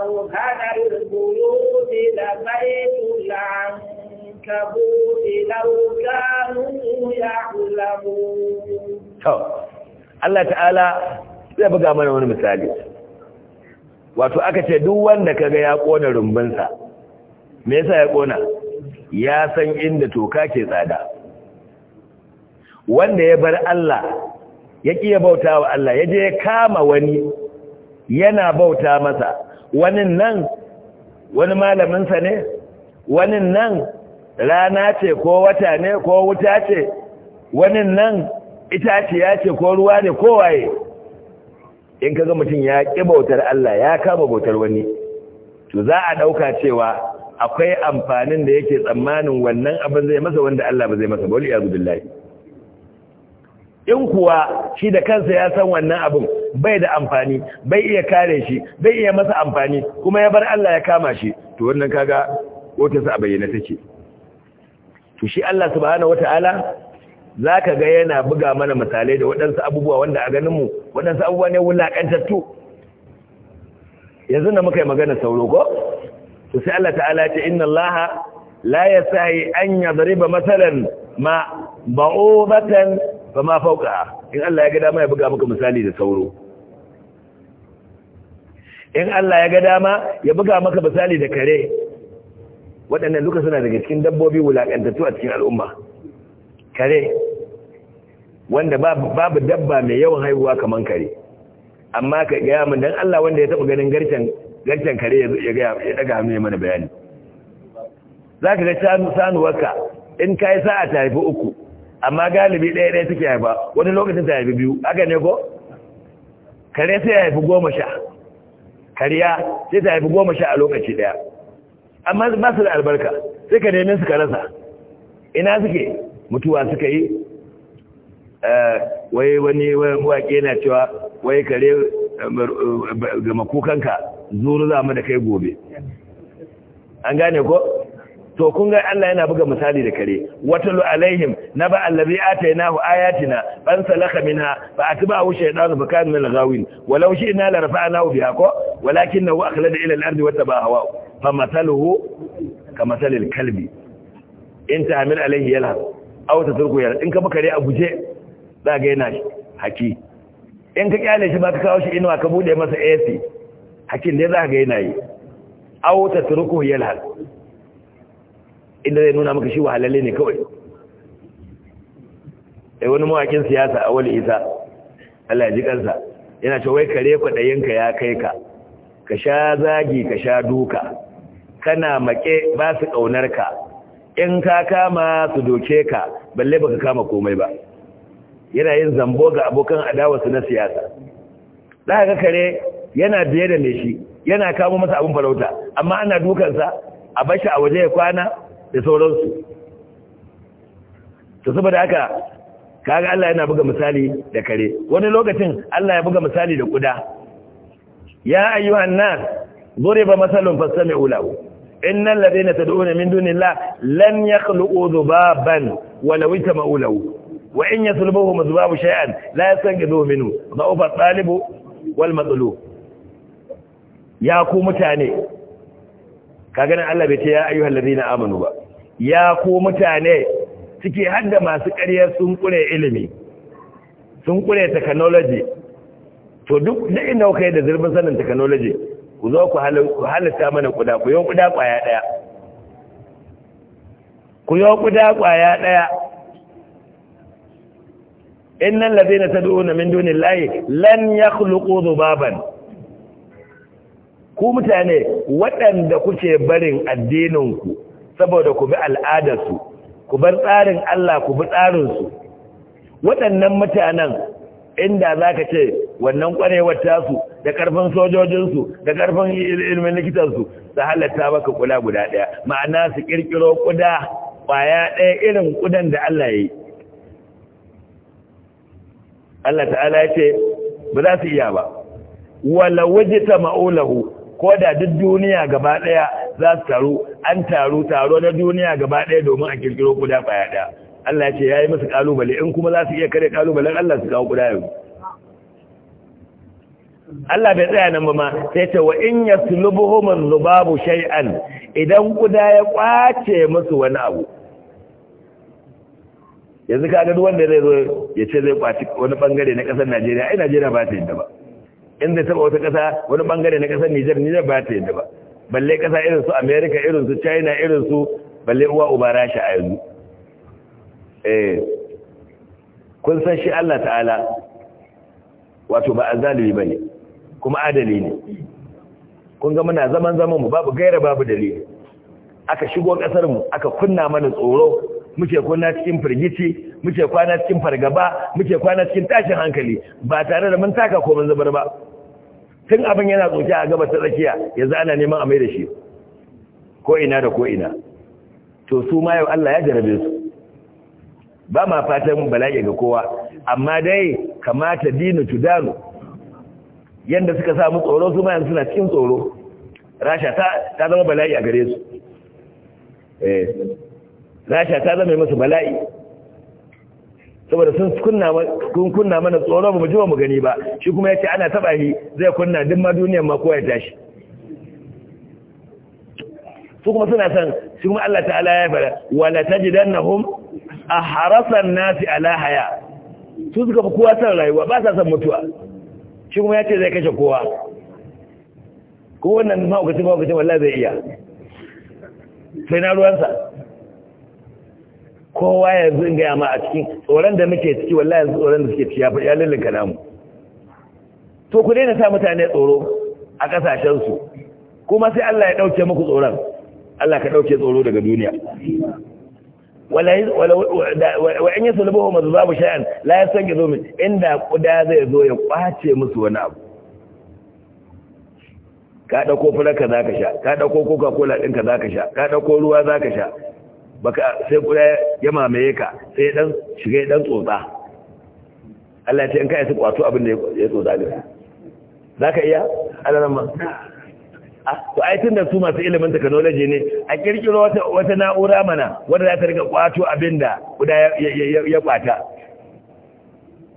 أوهن البيوت لبيت العنكبوت لو كانوا يعلمون. الله تعالى sai buga mana wani misali wato aka ce duk wanda kaga ya kona rumbun sa, me yasa ya kona ya san inda toka ke tsada wanda ya bar Allah ya kiya ya bauta Allah ya je ya kama wani yana bauta masa wani nan wani malaminsa ne wani nan rana ce ko wata ne ko wuta ce wani nan itaciya ce ko ruwa ne ko waye in kaga mutum ya ƙi bautar Allah ya kama bautar wani to za a ɗauka cewa akwai amfanin da yake tsammanin wannan abin zai masa wanda Allah ba zai masa ba waliya billahi in kuwa shi da kansa ya san wannan abin bai da amfani bai iya kare shi bai iya masa amfani kuma ya bar Allah ya kama shi to wannan kaga otarsa sa bayyana take to shi Allah subhanahu wataala ka ga yana buga mana misalai da waɗansu abubuwa wanda a ganinmu. waɗansu abubuwa ne wulaƙantattu yanzu da muka yi magana sauro ko to sai Allah ta'ala ce inna Allah la yasahi an yadriba masalan ma ba ma fauka in Allah ya ga dama ya buga maka misali da sauro in Allah ya ga dama ya buga maka misali da kare waɗannan duka suna daga cikin dabbobi wulaƙantattu a cikin al'umma kare wanda babu dabba mai yawan haihuwa kamar kare amma ka gaya min dan Allah wanda ya taba ganin garcen garcen kare ya ga ya daga hannu ya mana bayani zaka ga sanu waka in kai sa'a ta haifi uku amma galibi ɗaya ɗaya take haifa wani lokacin ta haifi biyu haka ne ko kare sai ya haifi goma sha kariya sai ta haifi goma sha a lokaci ɗaya amma ba su da albarka sai ka nemi su ka rasa ina suke mutuwa suka yi Eh, wai wani waƙe na cewa wai kare eh, ga makukanka zuru za mu da kai gobe an gane ko to kun ga Allah yana buga misali da kare watalu alaihim naba allazi atainahu ayatina ban salaka minha fa atba'ahu shaytanu fa kana min al-ghawin walau shi'na la rafa'nahu biha ko walakinahu akhlada ila al-ardi wattaba hawa fa mathaluhu kamathali al-kalbi in ta'mir alayhi yalha aw tatruku yalha in ka bakare a guje za ga yana haki in ka kyale shi ba ka kawo shi inuwa ka buɗe masa AC hakin da za ga yana yi aw tatruku yalhal inda zai nuna maka shi wahalalle ne kawai eh wani mawakin siyasa awal isa Allah ya ji kansa yana cewa wai kare kwaɗayinka ya kai ka ka sha zagi ka sha duka kana make ba su kaunar ka in ka kama su doke ka balle baka kama komai ba yana yin zambo ga abokan adawarsu na siyasa Da ga kare yana biye da mai shi yana kamo masa abin farauta amma ana dukansa a bashi a waje ya kwana da sauransu to saboda haka kaga Allah yana buga misali da kare wani lokacin Allah ya buga misali da kuda ya ayyuhan nas ضرب مثل فاستمعوا له إن الذين تدعون من دون الله لن يخلقوا ذبابا ولو اجتمعوا له wa in yasulbuhu mazbabu shay'an la yasangidu minhu da'ufa talibu wal matlub ya ku mutane kaga nan Allah bai ce ya ayyuhal ladina amanu ba ya ku mutane ciki da masu ƙarya sun kure ilimi sun kure technology to duk da inda kuka da zurbin sanin technology ku zo ku halitta mana kuda ku yi kuda kwaya daya ku yi kuda kwaya daya innal ladina tad'una min dunillahi lan yakhluqu dhubaban ku mutane waɗanda kuke barin addininku saboda ku bi al'adarsu ku bar tsarin Allah ku bi tsarinsu waɗannan mutanen inda za ka ce wannan ƙwarewar tasu da ƙarfin sojojinsu da ƙarfin ilimin likitansu su halatta maka kula guda ɗaya ma'ana su ƙirƙiro ƙuda ƙwaya ɗaya irin ƙudan da Allah ya yi Allah ta'ala ya ce ba za su iya ba wala wajita ma'ulahu ko da duk duniya gaba daya za su taru an taru taro na duniya gaba daya domin a kirkiro kuda baya daya Allah ya ce yayi musu kalubale in kuma za su iya kare kalubale Allah su kawo kuda yau Allah bai tsaya nan ba ma sai ce wa in yaslubuhum Lubabu shay'an idan kuda ya kwace musu wani abu yanzu ka ga wanda zai zo ya ce zai kwaci wani bangare na kasar Najeriya ai Najeriya ba ta yadda ba in zai taba wata kasa wani bangare na kasar Niger Niger ba ta yadda ba balle kasa irin su America irin su China irin su balle uwa uba Rasha a yanzu eh kun san shi Allah ta'ala wato ba azali bane kuma adali ne kun ga muna zaman zaman mu babu gaira babu dalili aka shigo kasar mu aka kunna mana tsoro muke kwana cikin firgici muke kwana cikin fargaba muke kwana cikin tashin hankali ba tare da mun taka ko mun zubar ba tun abin yana tsoki a gaba ta tsakiya yanzu ana neman a mai da shi ko ina da ko ina to su ma yau Allah ya jarabe su ba ma fatan bala'i ga kowa amma dai kamata dinu tudanu yanda suka samu tsoro su ma yanzu suna cikin tsoro rasha ta zama bala'i a gare su eh. rasha ta zama musu bala'i saboda sun kunna mana tsoro ba mu ji mu gani ba shi kuma ya ce ana taba shi zai kunna duk ma duniyan ma kowa ya tashi su kuma suna san shi kuma Allah ta'ala ya fara wala tajidannahum ahrasan nasi ala haya su suka fi kowa san rayuwa ba sa san mutuwa shi kuma ya ce zai kashe kowa ko wannan mahaukacin mahaukacin wallahi zai iya sai na ruwansa kowa yanzu in gaya ma a cikin tsoron da muke ciki wallahi yanzu tsoron da suke ciki ya fi ya lullunka namu to ku daina sa mutane tsoro a ƙasashensu kuma sai Allah ya ɗauke muku tsoron Allah ka ɗauke tsoro daga duniya wa in yi sulubu mazu babu sha'an la ya san gizo min inda kuda zai zo ya kwace musu wani abu ka ɗauko furar ka za ka sha ka ɗauko coca-cola ɗinka za ka sha ka ɗauko ruwa za ka sha baka sai kuda ya mamaye ka sai dan shiga dan tsotsa Allah ya ce in kai yi kwato abin da ya tsotsa ne zaka iya Allah ma ah, to ai tun da su masu ilimin technology ne a kirkiro wata wata na'ura mana wanda za ta riga kwato abin da kuda ya kwata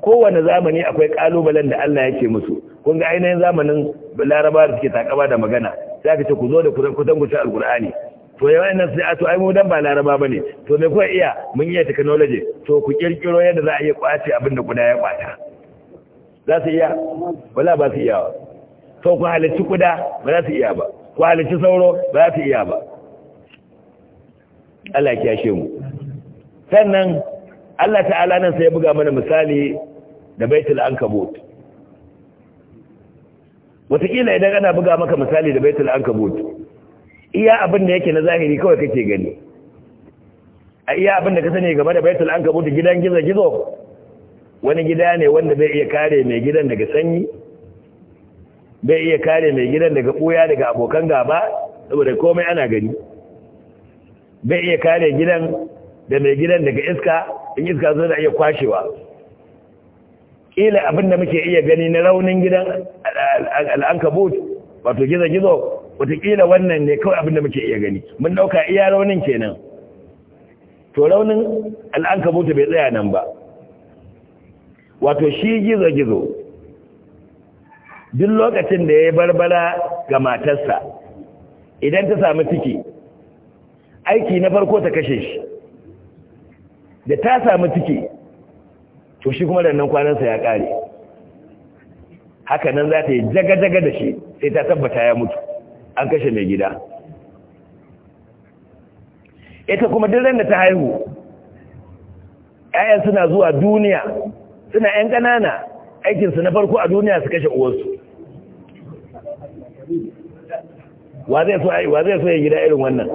kowane zamani akwai kalubalen da Allah yake musu kun ga ainihin zamanin larabawa da suke takaba da magana sai ka ce ku zo da kusan kusan alkur'ani to yawan nan sai a to ai mu dan ba laraba bane to me kuwa iya mun iya technology to ku kirkiro yadda za a iya kwace abin da kuda ya kwata za su iya wala ba su iya to ku halicci kuda ba za su iya ba ku halicci sauro ba za su iya ba Allah ya kiyashe mu sannan Allah ta'ala nan sai ya buga mana misali da baitul ankabut wataƙila idan ana buga maka misali da baitul ankabut iya abin da yake na zahiri kawai kake gani a iya abin da ka sani game da baitul an kabuta gidan gizo gizo wani gida ne wanda zai iya kare mai gidan daga sanyi bai iya kare mai gidan daga ɓuya daga abokan gaba saboda komai ana gani bai iya kare gidan da mai gidan daga iska in iska zo da iya kwashewa ƙila abin da muke iya gani na raunin gidan al'ankabut wato gizo-gizo wataƙila wannan ne kawai abinda muke iya gani mun ɗauka iya raunin kenan to raunin al'anka mutu bai tsaya nan ba wato shi gizo-gizo duk lokacin da ya yi barbara ga matarsa idan ta sami ciki aiki na farko ta kashe shi da ta sami ciki to shi kuma rannan kwanansa ya ƙare haka nan za ta yi jaga-jaga da shi sai ta tabbata ya mutu an kashe mai gida ita kuma duk da ta haihu ƴaƴan suna zuwa duniya suna ƴan ƙanana aikinsu na farko a duniya su kashe uwarsu wa zai so ya gida irin wannan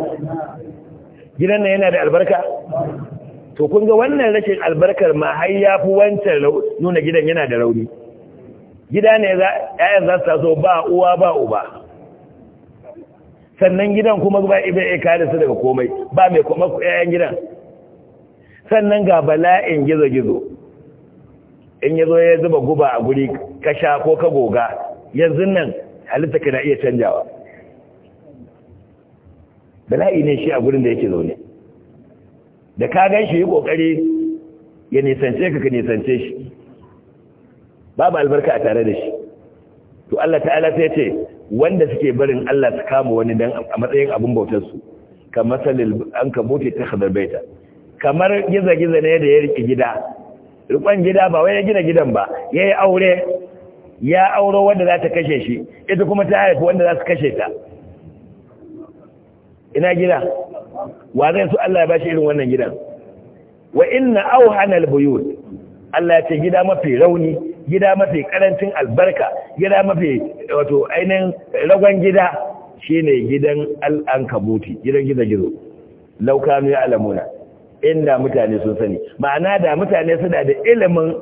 gidan nan yana da albarka to kun ga wannan rashin albarkar ma har ya fi wancan nuna gidan yana da rauni gida ne ‘ya'yan za su taso ba uwa ba uba sannan gidan kuma ba ibe ya kare su daga komai ba mai kuma yayan gidan sannan ga bala'in gizo-gizo in yazo ya zuba guba a guri ka ko ka goga yanzu nan halitta ka na iya canjawa bala'i ne shi a gurin da yake zaune da ka gan shi yi kokari ya nisance ka ka nisance shi babu albarka a tare da shi to Allah ta'ala sai ce wanda suke barin Allah su kama wani dan a matsayin abin bautar su kamar salil an bote ta baita kamar giza-giza ne da ya rike gida rikon gida ba wai ya gina gidan ba ya yi aure ya auro wanda za ta kashe shi ita kuma ta haifi wanda za su kashe ta ina gida wa zai su Allah ya bashi irin wannan gidan wa inna auhanal albuyut Allah ya ce gida mafi rauni gida mafi karancin albarka gida mafi wato ainihin ragon gida shine gidan al'ankabuti gidan gida gizo laukanu ya alamuna inda mutane sun sani ma'ana da mutane suna da ilimin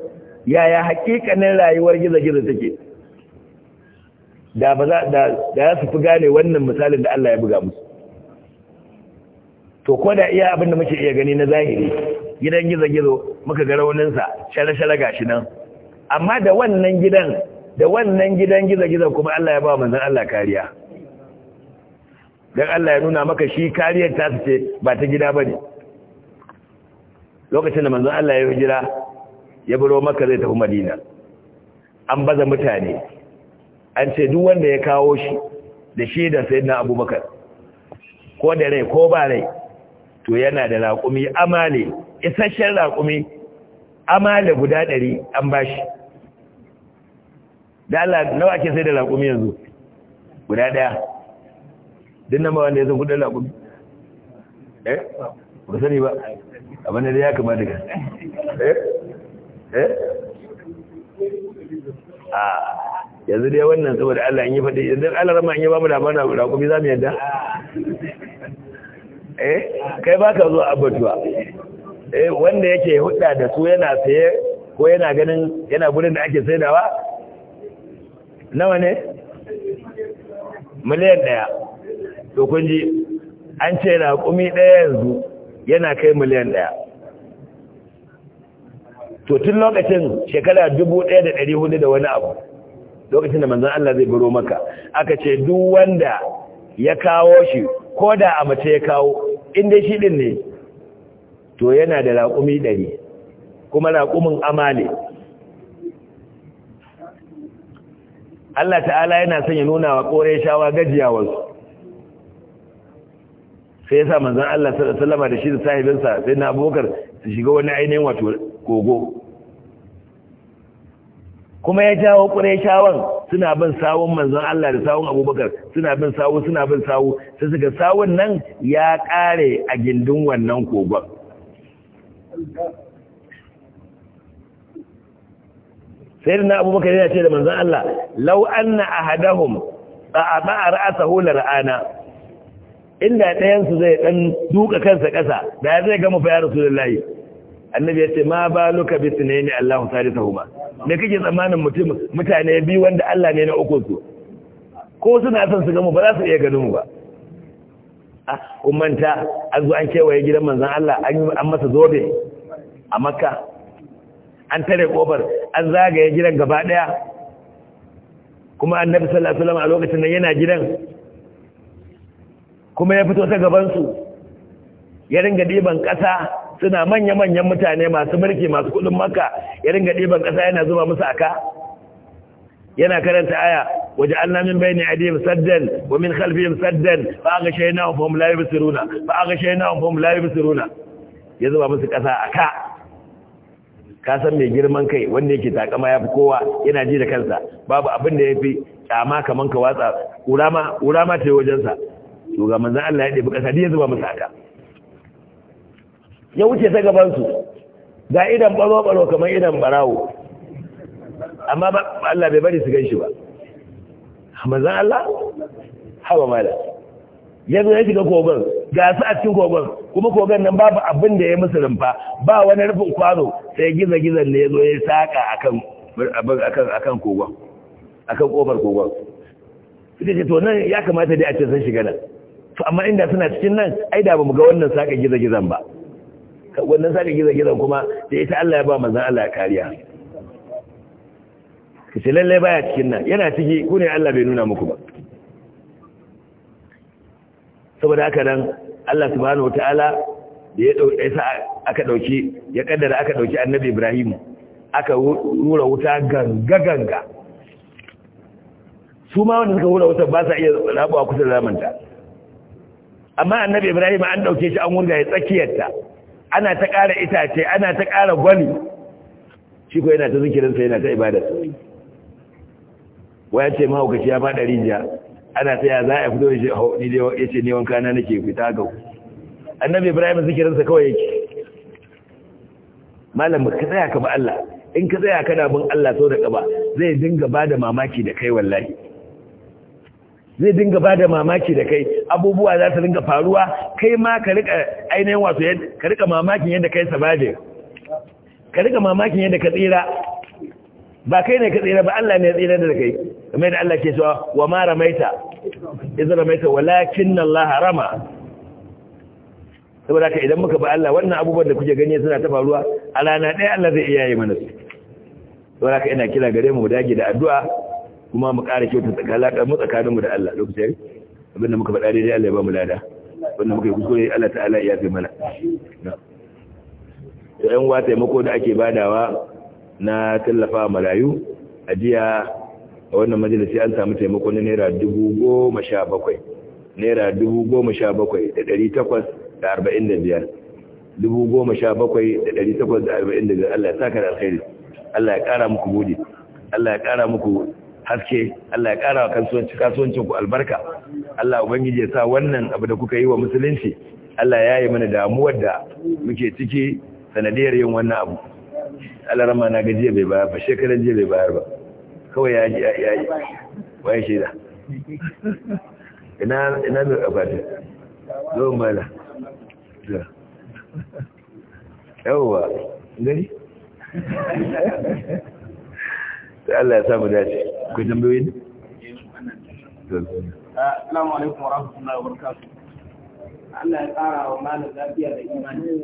yaya hakikanin rayuwar gida gizo take da ya su fi gane wannan misalin da Allah ya buga musu to ko da iya abinda muke iya gani na zahiri gidan gizo-gizo muka ga rauninsa shara-shara gashi nan amma da wannan gidan da wannan gidan gizo-gizo kuma Allah ya ba manzon Allah kariya dan Allah ya nuna maka shi kariyar ta ce ba ta gida ba ne. lokacin da manzon Allah ya jira ya buro maka zai tafi Madina an baza mutane an ce duk wanda ya kawo shi da shi da sayyidina Abubakar ko da rai ko ba rai to yana da raƙumi amale isasshen raƙumi amala guda ɗari an bashi da Allah nawa ake sai da laƙumi yanzu guda ɗaya din nan ba wanda ya san kudin laƙumi eh ba sani ba abin da ya kamata ka eh eh a yanzu dai wannan saboda Allah in yi faɗi idan Allah rama in yi ba mu na laƙumi za mu yadda eh kai ba ka zo abbatuwa Eh, wanda yake hudda da su yana saye ko yana ganin yana gudun da ake saidawa nawa ne miliyan daya to Kunji ji an ce na kumi ɗaya yanzu yana kai miliyan ɗaya to tun lokacin shekara dubu ɗaya da ɗari hudu da wani abu lokacin da manzan Allah zai biro maka aka ce duk wanda ya kawo shi ko da a mace ya kawo inda shi ɗin ne to yana da raƙumi ɗari kuma raƙumin amale Allah ta'ala yana son ya nuna wa ƙorai shawa gajiyawarsu sai ya sa manzan Allah sallama da shi da sahibinsa sai na abokar su shiga wani ainihin wato kogo kuma ya jawo shawan suna bin sawun manzon Allah da sawun abubakar suna bin sawu suna bin sawu sai suka sawun nan ya ƙare a gindin wannan kogon sai na abubakar yana ce da manzan Allah lau anna ahadahum a ra'asahu la ra'ana inda ɗayan su zai dan duka kansa ƙasa da ya zai ga mu fa ya rasulullahi annabi ya ce ma baluka bi sunaini Allahu huma. me kake tsammanin mutum mutane biyu wanda Allah ne na uku su ko suna son su ga ba za su iya ganin mu ba a ah, kumanta manta an zo an kewaye gidan manzan Allah an masa zobe a makka an tare kofar an zagaye gidan gaba daya kuma annabi sallallahu alaihi wasallam a lokacin nan yana gidan kuma ya fito ta gaban su ya ringa diban kasa suna manya-manyan mutane masu mulki masu kudin makka ya ringa diban kasa yana zuba musu aka yana karanta aya waje Allah min bayni adihim saddan wa min khalfihim saddan fa aghshaynahum hum la yubsiruna fa aghshaynahum hum la yubsiruna ya zuba musu kasa aka ka san mai girman kai wanda yake takama ya fi kowa yana ji da kansa babu abin da ya fi kama kaman ka watsa urama urama ta wajensa to ga manzan Allah ya ɗebi ƙasa ya zuba musu haka ya wuce ta gabansu ga idan baro-baro kamar idan barawo. amma ba Allah bai bari su gan shi ba manzan Allah hawa mala ya zo ya shiga kogon ga su a cikin kogon kuma kogon nan babu abin da ya musu rumfa ba wani rufin kwano sai gizagizan ne ya zo ya saƙa akan kogon akan ƙofar kogon suka ce to nan ya kamata dai a ce sun shiga nan to amma inda suna cikin nan ai da bamu ga wannan saƙa gizagizan ba wannan saƙa gizagizan kuma da ita Allah ya ba manzan Allah kariya ka ce lallai baya cikin nan yana ciki ku ne Allah bai nuna muku ba saboda haka nan Allah subhanahu wataala da ya ɗauki aka ɗauki ya ƙaddara aka ɗauki annabi ibrahim aka rura wuta ganga-ganga su ma wanda suka rura wuta ba sa iya rabuwa kusa da zamanta amma annabi ibrahim an ɗauke shi an wurga ya tsakiyarta ana ta ƙara itace ana ta ƙara gwani shi ko yana ta zikirinsa yana ta ibadarsa waya ce mahaukaci ya faɗa rijiya ana ta ya za a fito da shi ni dai ya ce ne wanka na nake fita ga annabi ibrahim zikirinsa kawai yake malam ka tsaya ka ba Allah in ka tsaya kana bin Allah sau da kaba zai dinga bada mamaki da kai wallahi zai dinga bada mamaki da kai abubuwa za su dinga faruwa kai ma ka rika ainihin wato ka rika mamakin yadda kai sabade ka rika mamakin yadda ka tsira ba kai ne ka tsira ba Allah ne ya tsira da kai kamar da Allah ke cewa wa ma ramaita idza ramaita walakin Allah rama saboda ka idan muka ba Allah wannan abubuwan da kuke gani suna ta faruwa a rana ɗaya Allah zai iya yi mana su saboda ka ina kira gare mu dage da addu'a kuma mu ƙara kyautar tsakanin mu tsakanin mu da Allah lokacin abinda muka faɗa daidai Allah ya ba mu lada wannan muka yi kuskure Allah ta'ala ya fi mana to yan uwa taimako da ake badawa na tallafa marayu a jiya a wannan majalisi an samu taimako na naira dubu goma sha bakwai naira dubu goma sha bakwai da ɗari takwas da arba'in da biyar dubu goma sha bakwai da ɗari takwas da arba'in da biyar Allah ya saka da alkhairi Allah ya ƙara muku buɗe Allah ya ƙara muku haske Allah ya ƙara wa kasuwancin ku albarka Allah ubangiji ya sa wannan abu da kuka yi wa musulunci Allah ya yi mana damuwar da muke ciki sanadiyar yin wannan abu Allah rama na gajiya bai bayar ba shekaran jiya bai bayar ba kawai ya yi ya yi waye shaida ina ina mai akwatin zo mala sutura yawwa dai. da Allah ya samu dace ku tambayoyin eh, Assalamu alaikum wa rahmatullahi wa barakatuh Allah ya tsara wa malam lafiya da imani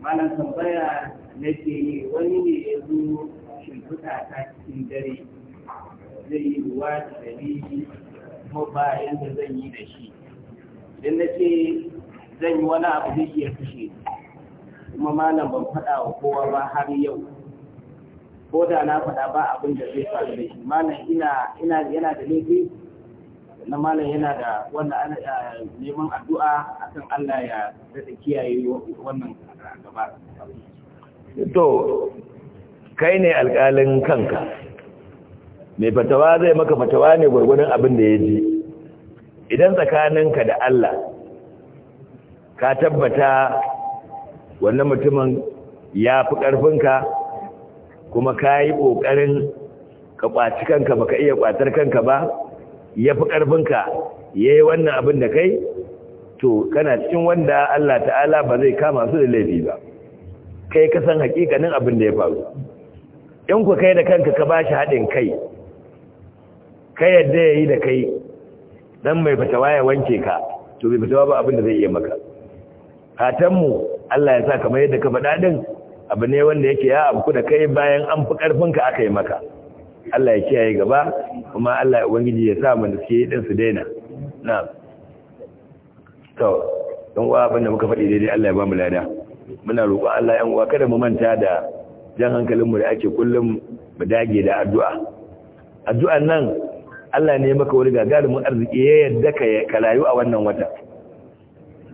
malam tambaya nake yi wani ne ya zo shimfiɗa ta cikin dare zai yi ruwa da dalili kuma ba yadda zan yi da shi idan na ce zan yi wani abu zai iya kashe ni kuma malam ban faɗa wa kowa ba har yau ko da na faɗa ba abin da zai faru da shi malam ina ina yana da laifi na malam yana da wannan neman addu'a akan Allah ya daɗa kiyaye wannan gaba to kai ne alƙalin kanka mai fatawa zai maka fatawa ne gwargwadon abin da ya ji idan tsakaninka da Allah ka tabbata wannan mutumin ya fi ƙarfinka kuma ka yi ƙoƙarin ka ƙwaci kanka ba ka iya ƙwatar kanka ba ya fi ƙarfinka ya yi wannan abin da kai to kana cikin wanda Allah ta'ala ba zai kama su da laifi ba kai ka san hakikanin abin da ya faru in ku kai da kanka ka ba shi haɗin kai ka yadda ya yi da kai dan mai fatawa ya wanke ka to bai fatawa ba abin da zai iya maka fatanmu Allah ya sa kamar yadda ka faɗa din abu ne wanda yake ya abu da kai bayan an fi ƙarfinka aka yi maka Allah ya kiyaye gaba kuma Allah ya ubangiji ya sa mu da suke din su daina na'am to don uwa abin da muka faɗi daidai Allah ya ba mu lada muna roƙon Allah yan uwa kada mu manta da jan hankalin mu da ake kullum mu dage da addu'a addu'an nan Allah ne maka wani gagarumin arziki ya yadda ka kalayu a wannan wata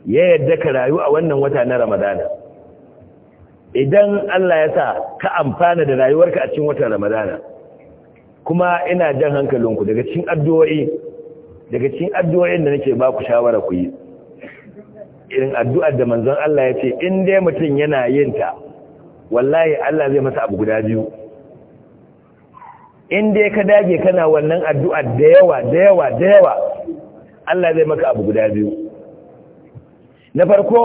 ya yadda ka rayu a wannan wata na ramadana idan Allah ya sa ka amfana da rayuwarka a cikin watan ramadana kuma ina jan hankalinku daga cikin addu'o'i daga cikin addu'o'in da nake ba ku shawara ku yi irin addu'ar da manzon Allah ya ce in dai mutum yana yin ta wallahi Allah zai masa abu guda biyu in dai ka dage kana wannan addu'ar da yawa da yawa da yawa Allah zai maka abu guda biyu na farko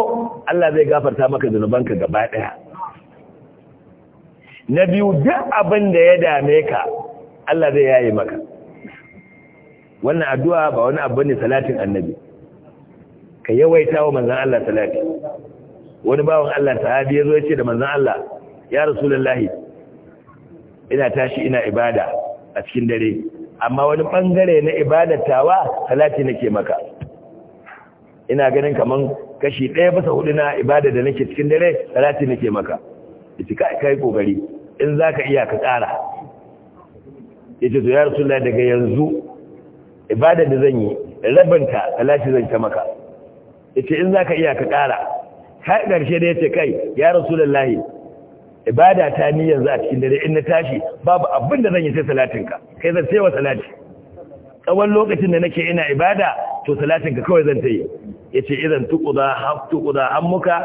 Allah zai gafarta maka zunubanka gaba ɗaya na biyu duk abin da ya dame ka Allah zai yayi maka wannan addu'a ba wani abu ne salatin annabi ka yawaita wa manzan Allah salati wani bawon Allah sahabi ya zo ya ce da manzan Allah ya rasulullahi ina tashi ina ibada a cikin dare amma wani bangare na ibadatawa salati nake maka ina ganin kaman kashi ɗaya bisa hudu na ibada da nake cikin dare salati nake maka yace kai kai kokari in zaka iya ka tsara yace to ya rasulullah daga yanzu ibada da zan yi rabanta salati zan ta maka yace in zaka iya ka tsara har karshe da yace kai ya rasulullah ibada ta ni yanzu a cikin dare in na tashi babu abin da zan yi sai ka kai zan sai wa salati tsawon lokacin da nake ina ibada to salatin ka kawai zan ta yi yace idan tuquda tuquda hammuka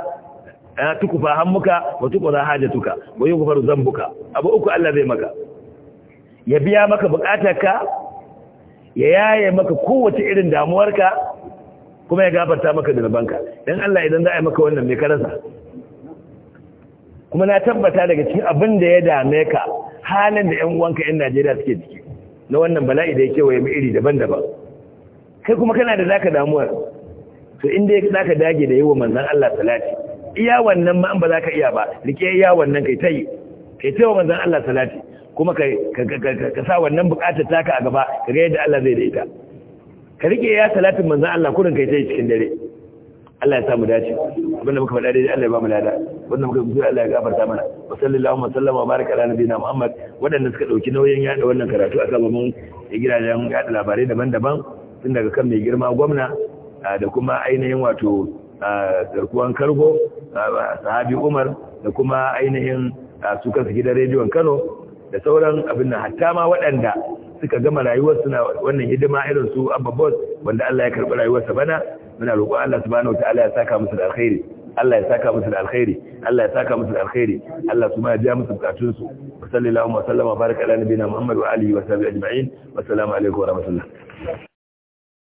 eh, tukufa hammuka wa tuquda hajatuka wa yughfaru zambuka abu uku Allah zai maka ya biya maka bukatarka ya yaye maka kowace irin damuwarka kuma ya gafarta maka da banka dan Allah idan za a yi maka wannan mai karasa kuma na tabbata daga cikin abin da ya dame ka halin da 'yan uwanka 'yan Najeriya suke ciki na wannan bala'i da ya kewaye mu iri daban-daban kai kuma kana da zaka damuwa. to inda yake zaka dage da yawa manzon Allah salati iya wannan ma an ba zaka iya ba rike iya wannan kai tai kai tai manzon Allah salati kuma ka sa wannan bukatar taka a gaba ka ga yadda Allah zai da ita ka rike ya salatin manzan Allah kurin kai tai cikin dare Allah ya samu dace abinda muka faɗa dai Allah ya ba mu lada Wannan muka gudu Allah ya gafarta mana wa sallallahu wa sallama wa baraka ala nabiyina Muhammad waɗanda suka ɗauki nauyin yaɗa wannan karatu a mun gidajen yada labarai daban-daban tun daga kan mai girma gwamna da kuma ainihin wato garkuwan kargo sahabi umar da kuma ainihin su kansu gidan rediyon kano da sauran abin da hatta ma waɗanda suka gama rayuwar suna wannan hidima irin su abba boss wanda Allah ya karɓi rayuwarsa bana muna roƙon Allah subhanahu wataala ya saka musu da alkhairi Allah ya saka musu da alkhairi Allah ya saka musu da alkhairi Allah ma ya ja musu bukatun su sallallahu alaihi wa sallama baraka ala nabiyina Muhammad wa alihi wa sahbihi ajma'in wa assalamu alaikum wa rahmatullah